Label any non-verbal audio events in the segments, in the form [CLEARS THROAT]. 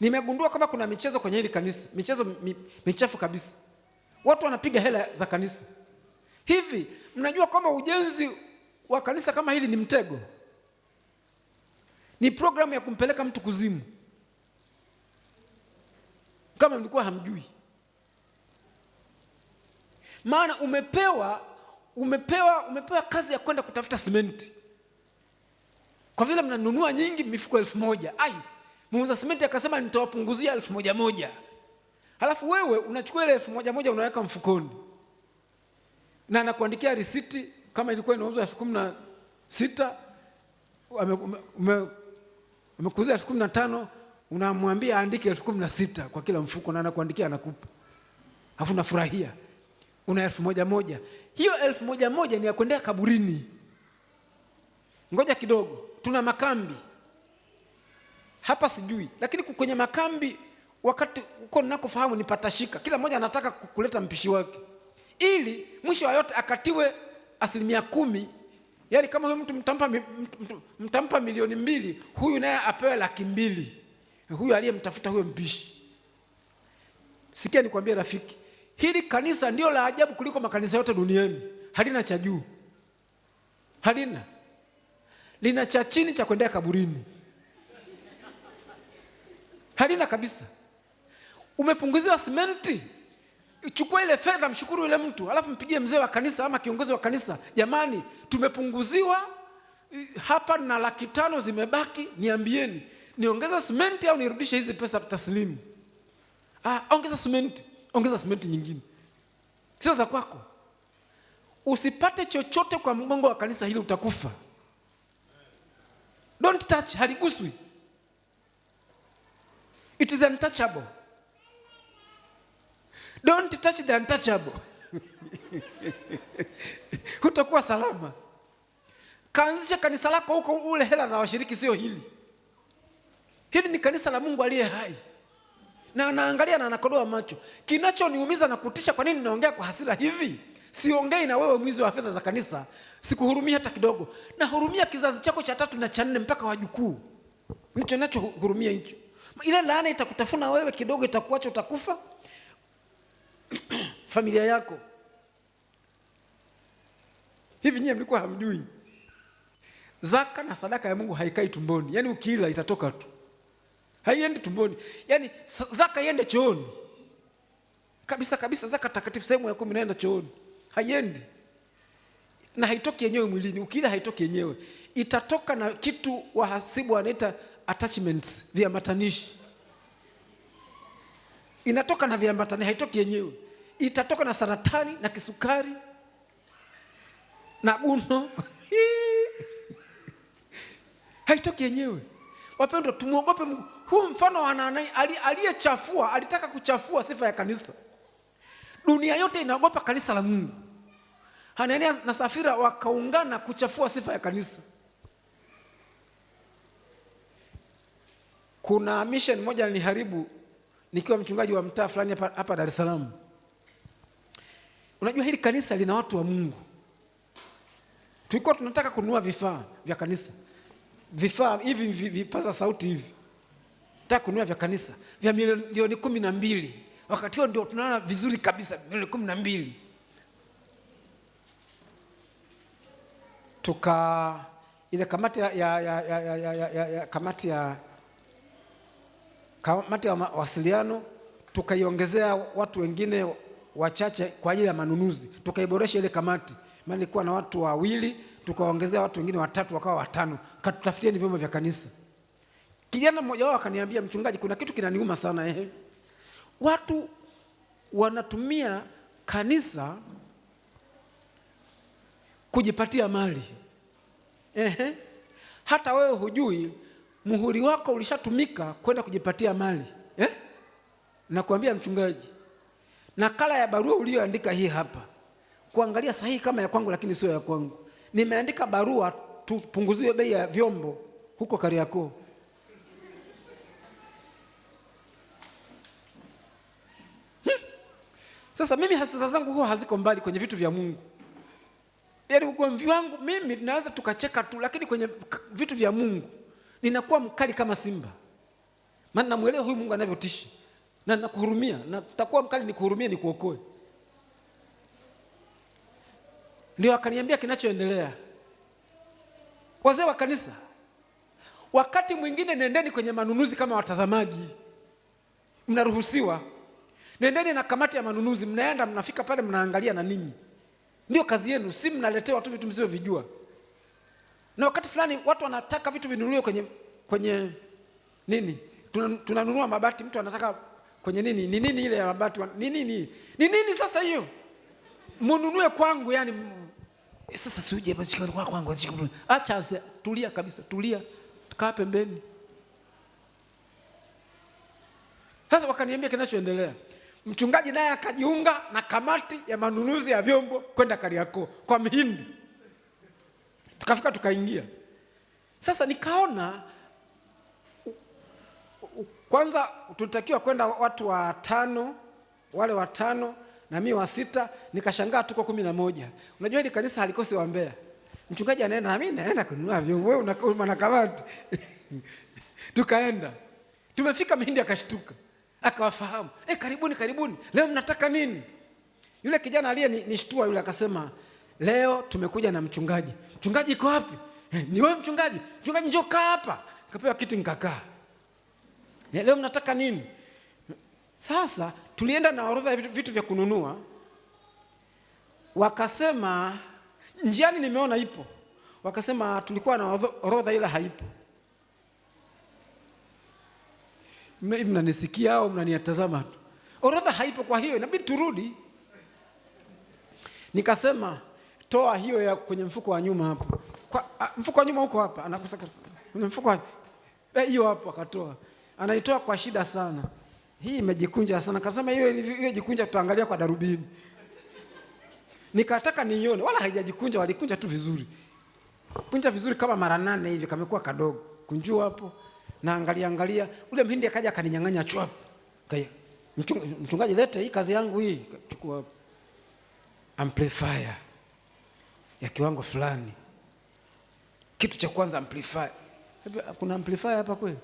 Nimegundua kama kuna michezo kwenye hili kanisa, michezo mi, michafu kabisa. Watu wanapiga hela za kanisa. Hivi mnajua kwamba ujenzi wa kanisa kama hili ni mtego, ni programu ya kumpeleka mtu kuzimu, kama mlikuwa hamjui. Maana umepewa umepewa umepewa kazi ya kwenda kutafuta simenti, kwa vile mnanunua nyingi, mifuko elfu moja ai muuza simenti akasema nitawapunguzia elfu moja moja, halafu wewe unachukua ile elfu moja moja unaweka mfukoni na anakuandikia risiti kama ilikuwa inauzwa elfu kumi na sita amekuuzia elfu kumi na tano unamwambia aandike elfu kumi na sita kwa kila mfuko, na anakuandikia anakupa, alafu nafurahia una elfu moja moja. Hiyo elfu moja moja ni ya kuendea kaburini. Ngoja kidogo, tuna makambi hapa sijui, lakini kwenye makambi wakati huko ninakofahamu ni patashika, kila mmoja anataka kuleta mpishi wake, ili mwisho wa yote akatiwe asilimia kumi. Yani kama huyu mtu mtampa, mtampa milioni mbili, huyu naye apewe laki mbili, huyu aliyemtafuta huyo mpishi. Sikia nikwambie rafiki, hili kanisa ndio la ajabu kuliko makanisa yote duniani. Halina cha juu, halina, lina cha chini cha kwendea kaburini halina kabisa. Umepunguziwa simenti, chukua ile fedha, mshukuru yule mtu, alafu mpigie mzee wa kanisa ama kiongozi wa kanisa, jamani, tumepunguziwa hapa na laki tano zimebaki, niambieni niongeza simenti au nirudishe hizi pesa taslimu? Ah, ongeza simenti, ongeza simenti nyingine, sio za kwako. Usipate chochote kwa mgongo wa kanisa hili, utakufa. Don't touch, haliguswi. It is untouchable. Don't touch the untouchable. [LAUGHS] Hutakuwa salama. Kaanzisha kanisa lako huko, ule hela za washiriki sio hili. Hili ni kanisa la Mungu aliye hai, na anaangalia na anakodoa macho. Kinachoniumiza na kutisha, kwa nini naongea kwa hasira hivi? Siongei na wewe mwizi wa fedha za kanisa, sikuhurumia hata kidogo. Nahurumia kizazi chako cha tatu na cha nne mpaka wajukuu, ndicho nachohurumia hicho ile laana itakutafuna wewe kidogo, itakuacha utakufa [CLEARS THROAT] familia yako. Hivi nyie mlikuwa hamjui zaka na sadaka ya Mungu haikai tumboni? Yaani ukiila itatoka tu, haiendi tumboni. Yaani zaka iende chooni kabisa kabisa, zaka takatifu sehemu ya kumi naenda chooni, haiendi na haitoki yenyewe mwilini. Ukila haitoki yenyewe, itatoka na kitu wahasibu wanaita attachments viambatanishi. Inatoka na viambatanishi, haitoki yenyewe, itatoka na saratani na kisukari na guno [LAUGHS] haitoki yenyewe. Wapendwa, tumwogope Mungu. Huu mfano wa aliyechafua, alitaka kuchafua sifa ya kanisa. Dunia yote inaogopa kanisa la Mungu. Hanania na Safira wakaungana kuchafua sifa ya kanisa. Kuna mission moja niliharibu nikiwa mchungaji wa mtaa fulani hapa Dar es Salaam. Unajua hili kanisa lina watu wa Mungu. Tulikuwa tunataka kununua vifaa vya kanisa, vifaa hivi vipaza sauti hivi, nataka kununua vya kanisa vya milioni kumi na mbili. Wakati huo ndio tunaona vizuri kabisa, milioni kumi na mbili. Tuka ile kamati ya, ya, ya, ya, ya, ya, ya, kamati ya kamati ya mawasiliano tukaiongezea watu wengine wachache kwa ajili ya manunuzi, tukaiboresha ile kamati, maana ilikuwa na watu wawili, tukawaongezea watu wengine watatu, wakawa watano. Katutafutieni vyombo vya kanisa. Kijana mmoja wao akaniambia, mchungaji, kuna kitu kinaniuma sana eh. Watu wanatumia kanisa kujipatia mali eh. Hata wewe hujui muhuri wako ulishatumika kwenda kujipatia mali eh? Nakwambia mchungaji, nakala ya barua uliyoandika hii hapa, kuangalia sahihi kama ya kwangu, lakini sio ya kwangu. Nimeandika barua tupunguziwe bei ya vyombo huko Kariakoo. Hmm. Sasa mimi hasira zangu huwa haziko mbali kwenye vitu vya Mungu. Yaani ugomvi wangu mimi tunaweza tukacheka tu, lakini kwenye vitu vya Mungu ninakuwa mkali kama simba, maana namwelewa huyu Mungu anavyotisha, na nakuhurumia, na takuwa mkali nikuhurumie, nikuokoe. Ndio akaniambia kinachoendelea. Wazee wa kanisa, wakati mwingine nendeni kwenye manunuzi kama watazamaji, mnaruhusiwa. Nendeni na kamati ya manunuzi, mnaenda mnafika pale, mnaangalia na ninyi, ndio kazi yenu, si mnaletewa tu vitu msivyovijua na wakati fulani watu wanataka vitu vinunuliwe kwenye kwenye nini, tunanunua mabati, mtu anataka kwenye nini, ni nini ile ya mabati, ni nini, ni nini sasa hiyo, mununue kwangu yani sasa siuje kwangu, acha tulia kabisa, tulia, kaa pembeni. Sasa wakaniambia kinachoendelea, mchungaji naye akajiunga na kamati ya manunuzi ya vyombo kwenda Kariakoo kwa mhindi tukafika tukaingia. Sasa nikaona kwanza tulitakiwa kwenda watu watano, wale watano na mimi wa sita. Nikashangaa tuko kumi na moja. Unajua hili kanisa halikosi wambea. Mchungaji anaenda mimi naenda kununua vyombo, wewe [LAUGHS] tukaenda tumefika, Mhindi akashtuka akawafahamu. E, karibuni karibuni, leo mnataka nini? Yule kijana aliye nishtua yule akasema Leo tumekuja na mchungaji. Mchungaji iko wapi? Eh, ni wewe mchungaji? Mchungaji njoo kaa hapa. Nikapewa kiti nikakaa. Eh, leo mnataka nini? Sasa tulienda na orodha ya vitu vya kununua, wakasema njiani, nimeona ipo, wakasema tulikuwa na orodha ila haipo. Mnanisikia au mnaniatazama tu? Orodha haipo, kwa hiyo inabidi turudi. Nikasema toa hiyo ya kwenye mfuko wa nyuma hapo, kwa a, mfuko wa nyuma huko hapa, anakusaka kwenye mfuko eh, hiyo hapo, akatoa, anaitoa kwa shida sana. Hii imejikunja sana, Akasema hiyo ile jikunja tutaangalia kwa darubini. Nikataka nione wala haijajikunja, walikunja tu vizuri, kunja vizuri kama mara nane hivi, kamekuwa kadogo, kunjua hapo na angalia angalia, ule mhindi akaja akaninyang'anya chwapu. Kaya mchungaji, lete hii kazi yangu hii, chukua amplifier ya kiwango fulani. Kitu cha kwanza amplifier. Kuna amplifier hapa kweli?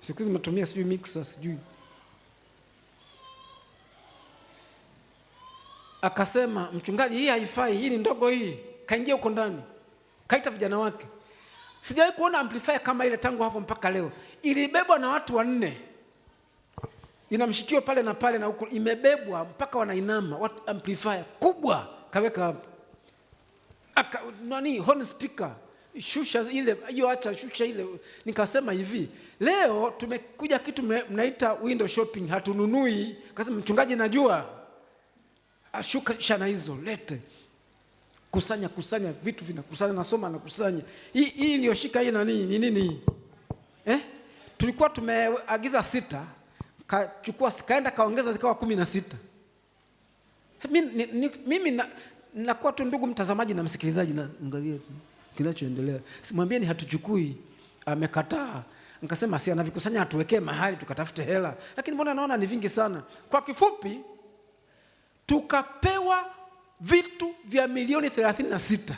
Siku hizi sijui mixer sijui. Akasema mchungaji, hii haifai, hii ni ndogo hii. Kaingia huko ndani, kaita vijana wake. Sijawahi kuona amplifier kama ile tangu hapo mpaka leo. Ilibebwa na watu wanne, ina mshikio pale na pale na huko, imebebwa mpaka wanainama. Watu amplifier kubwa kaweka aka, nani horn speaker shusha ile hiyo, acha shusha ile. Nikasema hivi leo tumekuja kitu mnaita window shopping, hatununui. Kasema mchungaji, najua ashuka shana hizo, lete kusanya kusanya, vitu vinakusanya, nasoma nakusanya. Hii hii iliyoshika hii nani ni nini eh? Tulikuwa tumeagiza sita, kachukua kaenda kaongeza zikawa kumi na sita mimi, na, nakuwa tu ndugu mtazamaji na msikilizaji, naangalia kinachoendelea, ni hatuchukui, amekataa. Nikasema si anavikusanya atuwekee mahali tukatafute hela, lakini mbona naona ni vingi sana. Kwa kifupi, tukapewa vitu vya milioni 36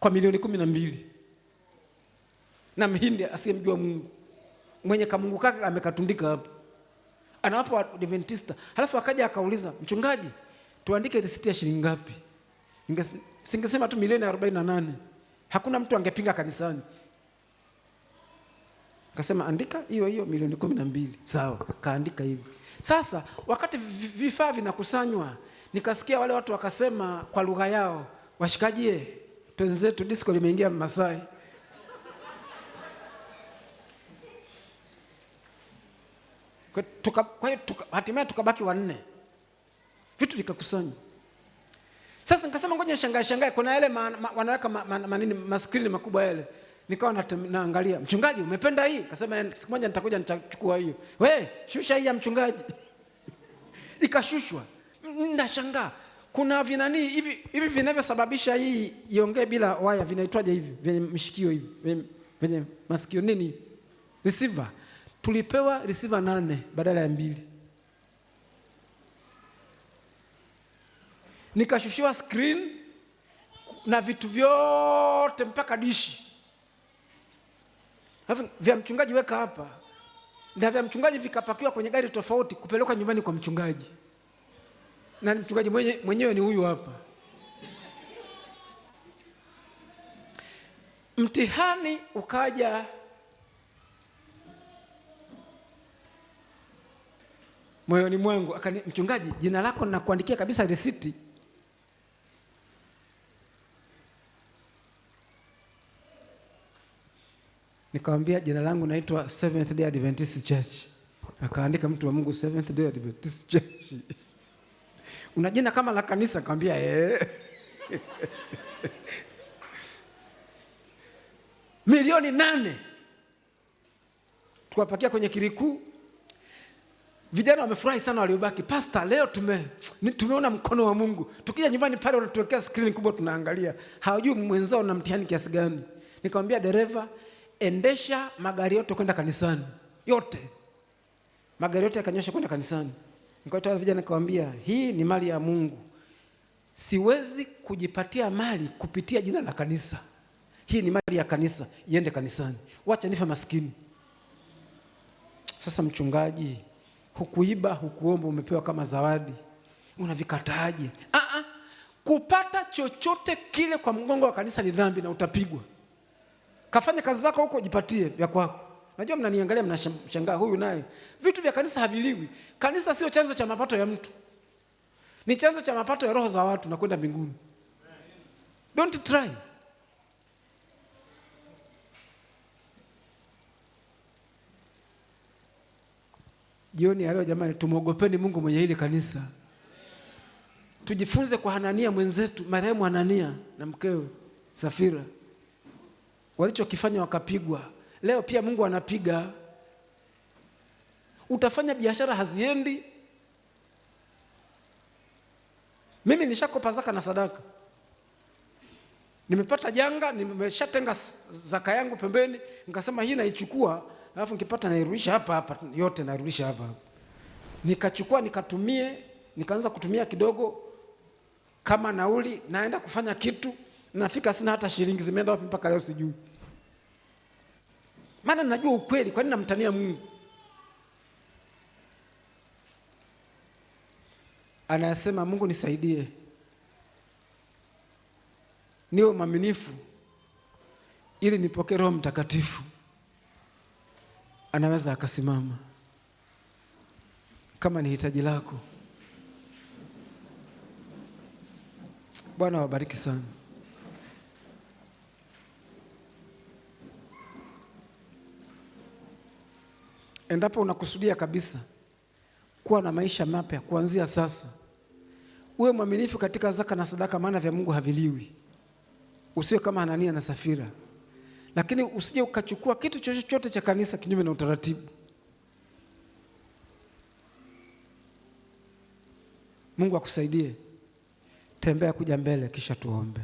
kwa milioni kumi na mbili na mhindi asiyemjua Mungu mwenye kamungu kake amekatundika hapo anawapa Waadventista. Halafu akaja akauliza, mchungaji, tuandike risiti ya shilingi ngapi? Singesema tu milioni arobaini na nane, hakuna mtu angepinga kanisani. Kasema andika hiyo hiyo milioni kumi na mbili. Sawa, kaandika hivi. Sasa wakati vifaa vinakusanywa, nikasikia wale watu wakasema kwa lugha yao, washikajie eh, twenzetu disko limeingia Masai. Kwa hiyo hatimaye tukabaki wanne, vitu vikakusanywa. Sasa nikasema ngoja shangae shangae, kuna yale ma, ma, wanaweka ma, ma, ma, maskrini makubwa yale, nikawa naangalia, mchungaji, umependa hii? Kasema eh, siku moja nitakuja nitachukua hiyo. We shusha hii ya mchungaji [LAUGHS] ikashushwa. Nashangaa kuna vinani hivi hivi vinavyosababisha hii iongee bila waya, vinaitwaje hivi, vyenye mshikio hivi, vyenye masikio nini, receiver tulipewa risiva nane badala ya mbili, nikashushiwa screen na vitu vyote mpaka dishi vya mchungaji weka hapa na vya mchungaji vikapakiwa kwenye gari tofauti kupelekwa nyumbani kwa mchungaji, na mchungaji mwenyewe ni huyu hapa. Mtihani ukaja moyoni mwangu, akani mchungaji, jina lako nakuandikia kabisa risiti. Nikamwambia jina langu naitwa Seventh Day Adventist Church. Akaandika mtu wa Mungu Seventh Day Adventist Church. [LAUGHS] Una jina kama la kanisa? Nikamwambia eh. [LAUGHS] milioni nane tukapakia kwenye kirikuu Vijana wamefurahi sana waliobaki. Pasta, leo tume, tumeona mkono wa Mungu. Tukija nyumbani pale wanatuwekea skrini kubwa tunaangalia Hawajui mwenzao na mtihani kiasi gani. Nikamwambia dereva, endesha magari yote kwenda kanisani. Yote. Magari yote yakanyosha kwenda kanisani. Nikaita vijana nikamwambia, hii ni mali ya Mungu. Siwezi kujipatia mali kupitia jina la kanisa. Hii ni mali ya kanisa, iende kanisani. Wacha nife maskini. Sasa mchungaji hukuiba, hukuomba, umepewa kama zawadi, unavikataje? Ah, ah. kupata chochote kile kwa mgongo wa kanisa ni dhambi na utapigwa. Kafanya kazi zako huko, jipatie vya kwako. Najua mnaniangalia mnashangaa, huyu naye vitu vya kanisa haviliwi. Kanisa sio chanzo cha mapato ya mtu, ni chanzo cha mapato ya roho za watu na kwenda mbinguni. Don't try Jioni ya leo jamani, tumwogopeni Mungu mwenye hili kanisa, tujifunze kwa Hanania mwenzetu, marehemu Hanania na mkewe Safira walichokifanya wakapigwa. Leo pia Mungu anapiga. Utafanya biashara haziendi. Mimi nishakopa zaka na sadaka, nimepata janga, nimeshatenga zaka yangu pembeni, nikasema hii naichukua alafu nikipata nairudisha hapa hapa, yote nairudisha hapa hapa. Nikachukua nikatumie, nikaanza kutumia kidogo kama nauli, naenda kufanya kitu, nafika sina hata shilingi, zimeenda wapi mpaka leo sijui. Maana najua ukweli, kwa nini namtania Mungu? Anasema, Mungu nisaidie, niwe mwaminifu ili nipokee Roho Mtakatifu anaweza akasimama kama ni hitaji lako. Bwana wabariki sana. Endapo unakusudia kabisa kuwa na maisha mapya kuanzia sasa, uwe mwaminifu katika zaka na sadaka, maana vya Mungu haviliwi. Usiwe kama anania na Safira lakini usije ukachukua kitu chochote cha kanisa kinyume na utaratibu. Mungu akusaidie, tembea kuja mbele, kisha tuombe.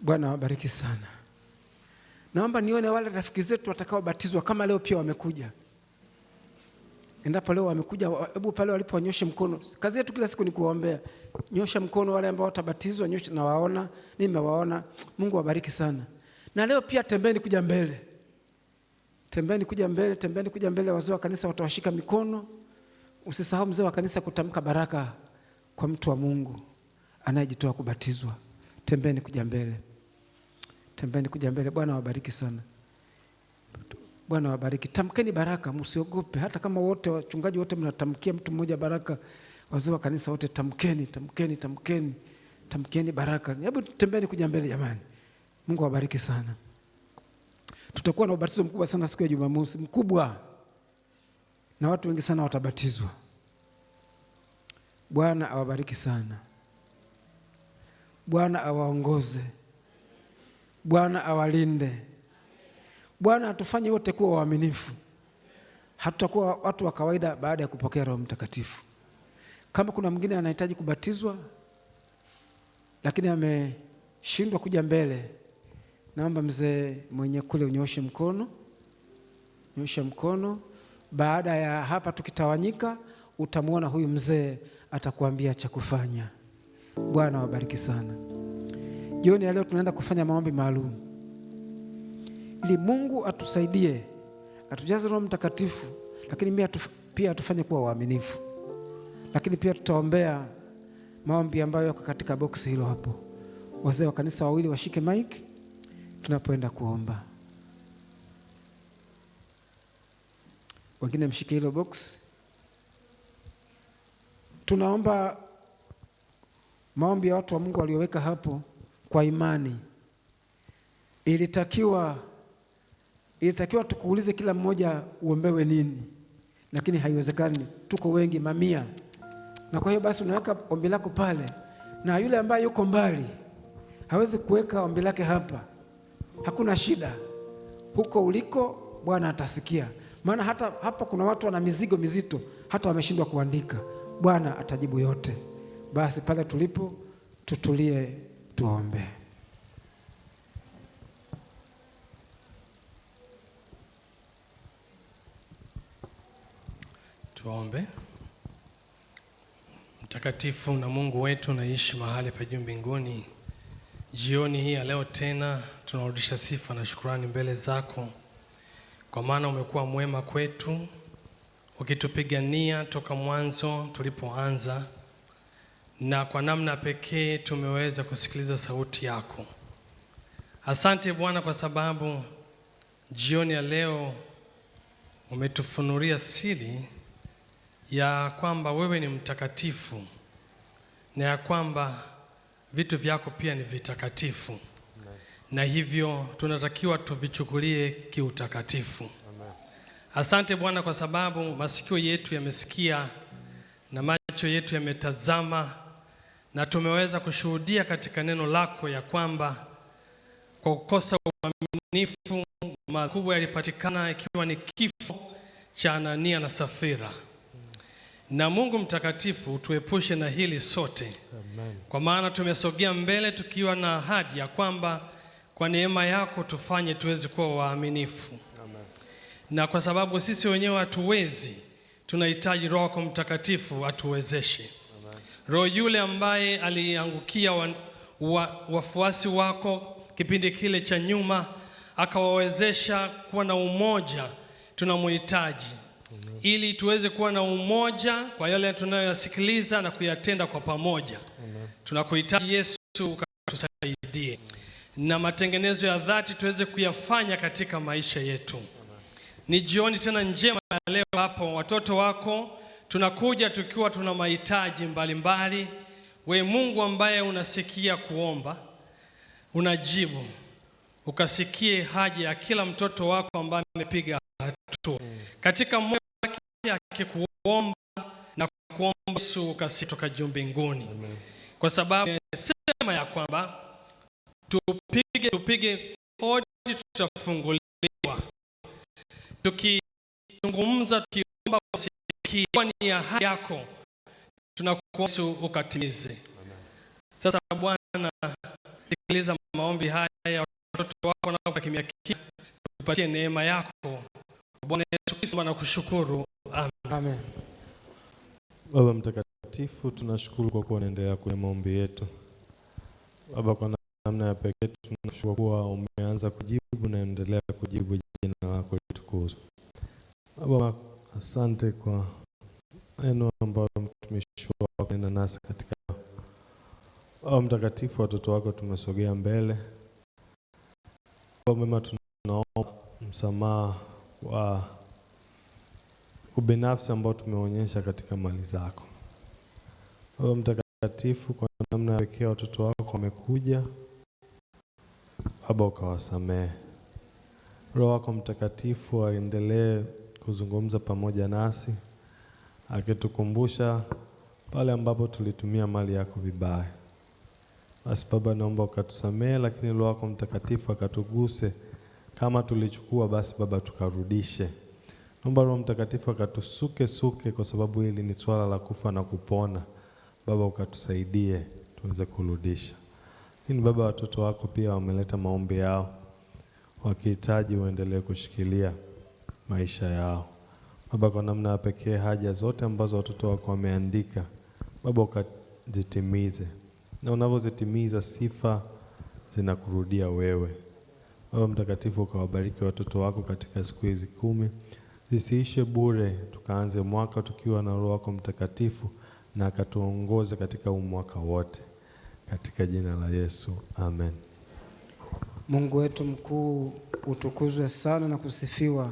Bwana awabariki sana. Naomba nione wale rafiki zetu watakaobatizwa kama leo pia wamekuja. Endapo leo wamekuja, hebu pale waliponyoshe mkono. Kazi yetu kila siku ni kuwaombea. Nyosha mkono wale ambao watabatizwa, nyosha na waona, nimewaona. Mungu awabariki sana. Na leo pia tembeni kuja mbele. Tembeni kuja mbele, tembeni kuja mbele, wazee wa kanisa watawashika mikono. Usisahau mzee wa kanisa kutamka baraka kwa mtu wa Mungu anayejitoa kubatizwa. Tembeni kuja mbele. Tembeni kuja mbele. Bwana wabariki sana. Bwana wabariki. Tamkeni baraka, msiogope. Hata kama wote wachungaji wote mnatamkia mtu mmoja baraka, wazee wa kanisa wote tamkeni, tamkeni, tamkeni, tamkeni baraka. Hebu tembeni kuja mbele jamani. Mungu awabariki sana. Tutakuwa na ubatizo mkubwa sana siku ya Jumamosi, mkubwa, na watu wengi sana watabatizwa. Bwana awabariki sana. Bwana awaongoze. Bwana awalinde. Bwana atufanye wote kuwa waaminifu. Hatutakuwa watu wa kawaida baada ya kupokea Roho Mtakatifu. Kama kuna mwingine anahitaji kubatizwa lakini ameshindwa kuja mbele, naomba mzee mwenye kule unyooshe mkono, nyooshe mkono. Baada ya hapa tukitawanyika, utamwona huyu mzee, atakuambia cha kufanya. Bwana wabariki sana. Jioni ya leo tunaenda kufanya maombi maalum ili Mungu atusaidie, atujaze Roho Mtakatifu, lakini pia atufanye kuwa waaminifu. Lakini pia tutaombea maombi ambayo yako katika boksi hilo hapo. Wazee wa kanisa wawili washike maiki tunapoenda kuomba. Wengine mshike hilo box. Tunaomba maombi ya watu wa Mungu walioweka hapo kwa imani. Ilitakiwa, ilitakiwa tukuulize kila mmoja uombewe nini, lakini haiwezekani, tuko wengi mamia. Na kwa hiyo basi unaweka ombi lako pale, na yule ambaye yuko mbali hawezi kuweka ombi lake hapa. Hakuna shida, huko uliko Bwana atasikia, maana hata hapa kuna watu wana mizigo mizito, hata wameshindwa kuandika. Bwana atajibu yote. Basi pale tulipo tutulie. Tuombe. Tuombe. Mtakatifu na Mungu wetu naishi mahali pa juu mbinguni, jioni hii ya leo tena tunarudisha sifa na shukurani mbele zako, kwa maana umekuwa mwema kwetu, ukitupigania toka mwanzo tulipoanza na kwa namna pekee tumeweza kusikiliza sauti yako. Asante Bwana kwa sababu jioni ya leo umetufunulia siri ya kwamba wewe ni mtakatifu na ya kwamba vitu vyako pia ni vitakatifu Amen. Na hivyo tunatakiwa tuvichukulie kiutakatifu Asante Bwana kwa sababu masikio yetu yamesikia na macho yetu yametazama na tumeweza kushuhudia katika neno lako ya kwamba kwa kukosa uaminifu makubwa yalipatikana, ikiwa ni kifo cha Anania na Safira. Na Mungu mtakatifu tuepushe na hili sote. Amen. Kwa maana tumesogea mbele tukiwa na ahadi ya kwamba kwa neema yako tufanye tuweze kuwa waaminifu. Amen. Na kwa sababu sisi wenyewe hatuwezi, tunahitaji Roho Mtakatifu atuwezeshe roho yule ambaye aliangukia wa, wa, wafuasi wako kipindi kile cha nyuma, akawawezesha kuwa na umoja. Tunamhitaji ili tuweze kuwa na umoja kwa yale tunayoyasikiliza na kuyatenda kwa pamoja. Tunakuhitaji Yesu, ukatusaidie na matengenezo ya dhati tuweze kuyafanya katika maisha yetu. Ni jioni tena njema ya leo, hapo watoto wako Tunakuja tukiwa tuna mahitaji mbalimbali. We Mungu ambaye unasikia kuomba, unajibu, ukasikie haja ya kila mtoto wako ambaye amepiga hatua katika moyo wake akikuomba na kuomba Yesu, ukasikia toka juu mbinguni, kwa sababu sema ya kwamba tupige tupige hodi tutafunguliwa. Tukizungumza tukiomba ikiwa ni ahadi yako, tunakuomba Yesu ukatimize. Sasa Bwana, sikiliza maombi haya watoto wako na kimya kimya, tupatie neema yako Bwana Yesu Kristo, kushukuru amen. Amen. Baba mtakatifu, tunashukuru kwa kuwa unaendelea kwa maombi yetu Baba, kwa namna ya pekee tunashukuru kuwa umeanza kujibu na endelea kujibu. Jina lako litukuzwe Baba, asante kwa neno ambayo mtumishi wako nena nasi katika o Mtakatifu, watoto wako tumesogea mbele kwa mema, tunaomba msamaha wa ubinafsi ambao tumeonyesha katika mali zako. O Mtakatifu, kwa namna ya pekee watoto wako wamekuja Baba, ukawasamehe. Roho wako Mtakatifu aendelee kuzungumza pamoja nasi akitukumbusha pale ambapo tulitumia mali yako vibaya. Basi Baba, naomba ukatusamehe, lakini Roho wako Mtakatifu akatuguse. Kama tulichukua basi Baba tukarudishe. Naomba Roho Mtakatifu akatusuke suke, kwa sababu hili ni swala la kufa na kupona. Baba ukatusaidie tuweze kurudisha. Lakini Baba, watoto wako pia wameleta maombi yao wakihitaji uendelee kushikilia maisha yao. Baba, kwa namna ya pekee, haja zote ambazo watoto wako wameandika, Baba, ukazitimize, na unavyozitimiza sifa zinakurudia wewe. Baba Mtakatifu, ukawabariki watoto wako katika siku hizi kumi, zisiishe bure, tukaanze mwaka tukiwa na Roho wako Mtakatifu, na akatuongoze katika mwaka wote, katika jina la Yesu, amen. Mungu wetu mkuu utukuzwe sana na kusifiwa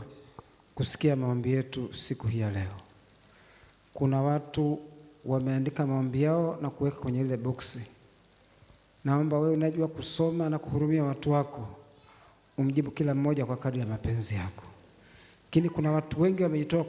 kusikia maombi yetu siku hii ya leo. Kuna watu wameandika maombi yao na kuweka kwenye ile boksi. Naomba wewe unajua kusoma na kuhurumia watu wako, umjibu kila mmoja kwa kadri ya mapenzi yako. Lakini kuna watu wengi wamejitoa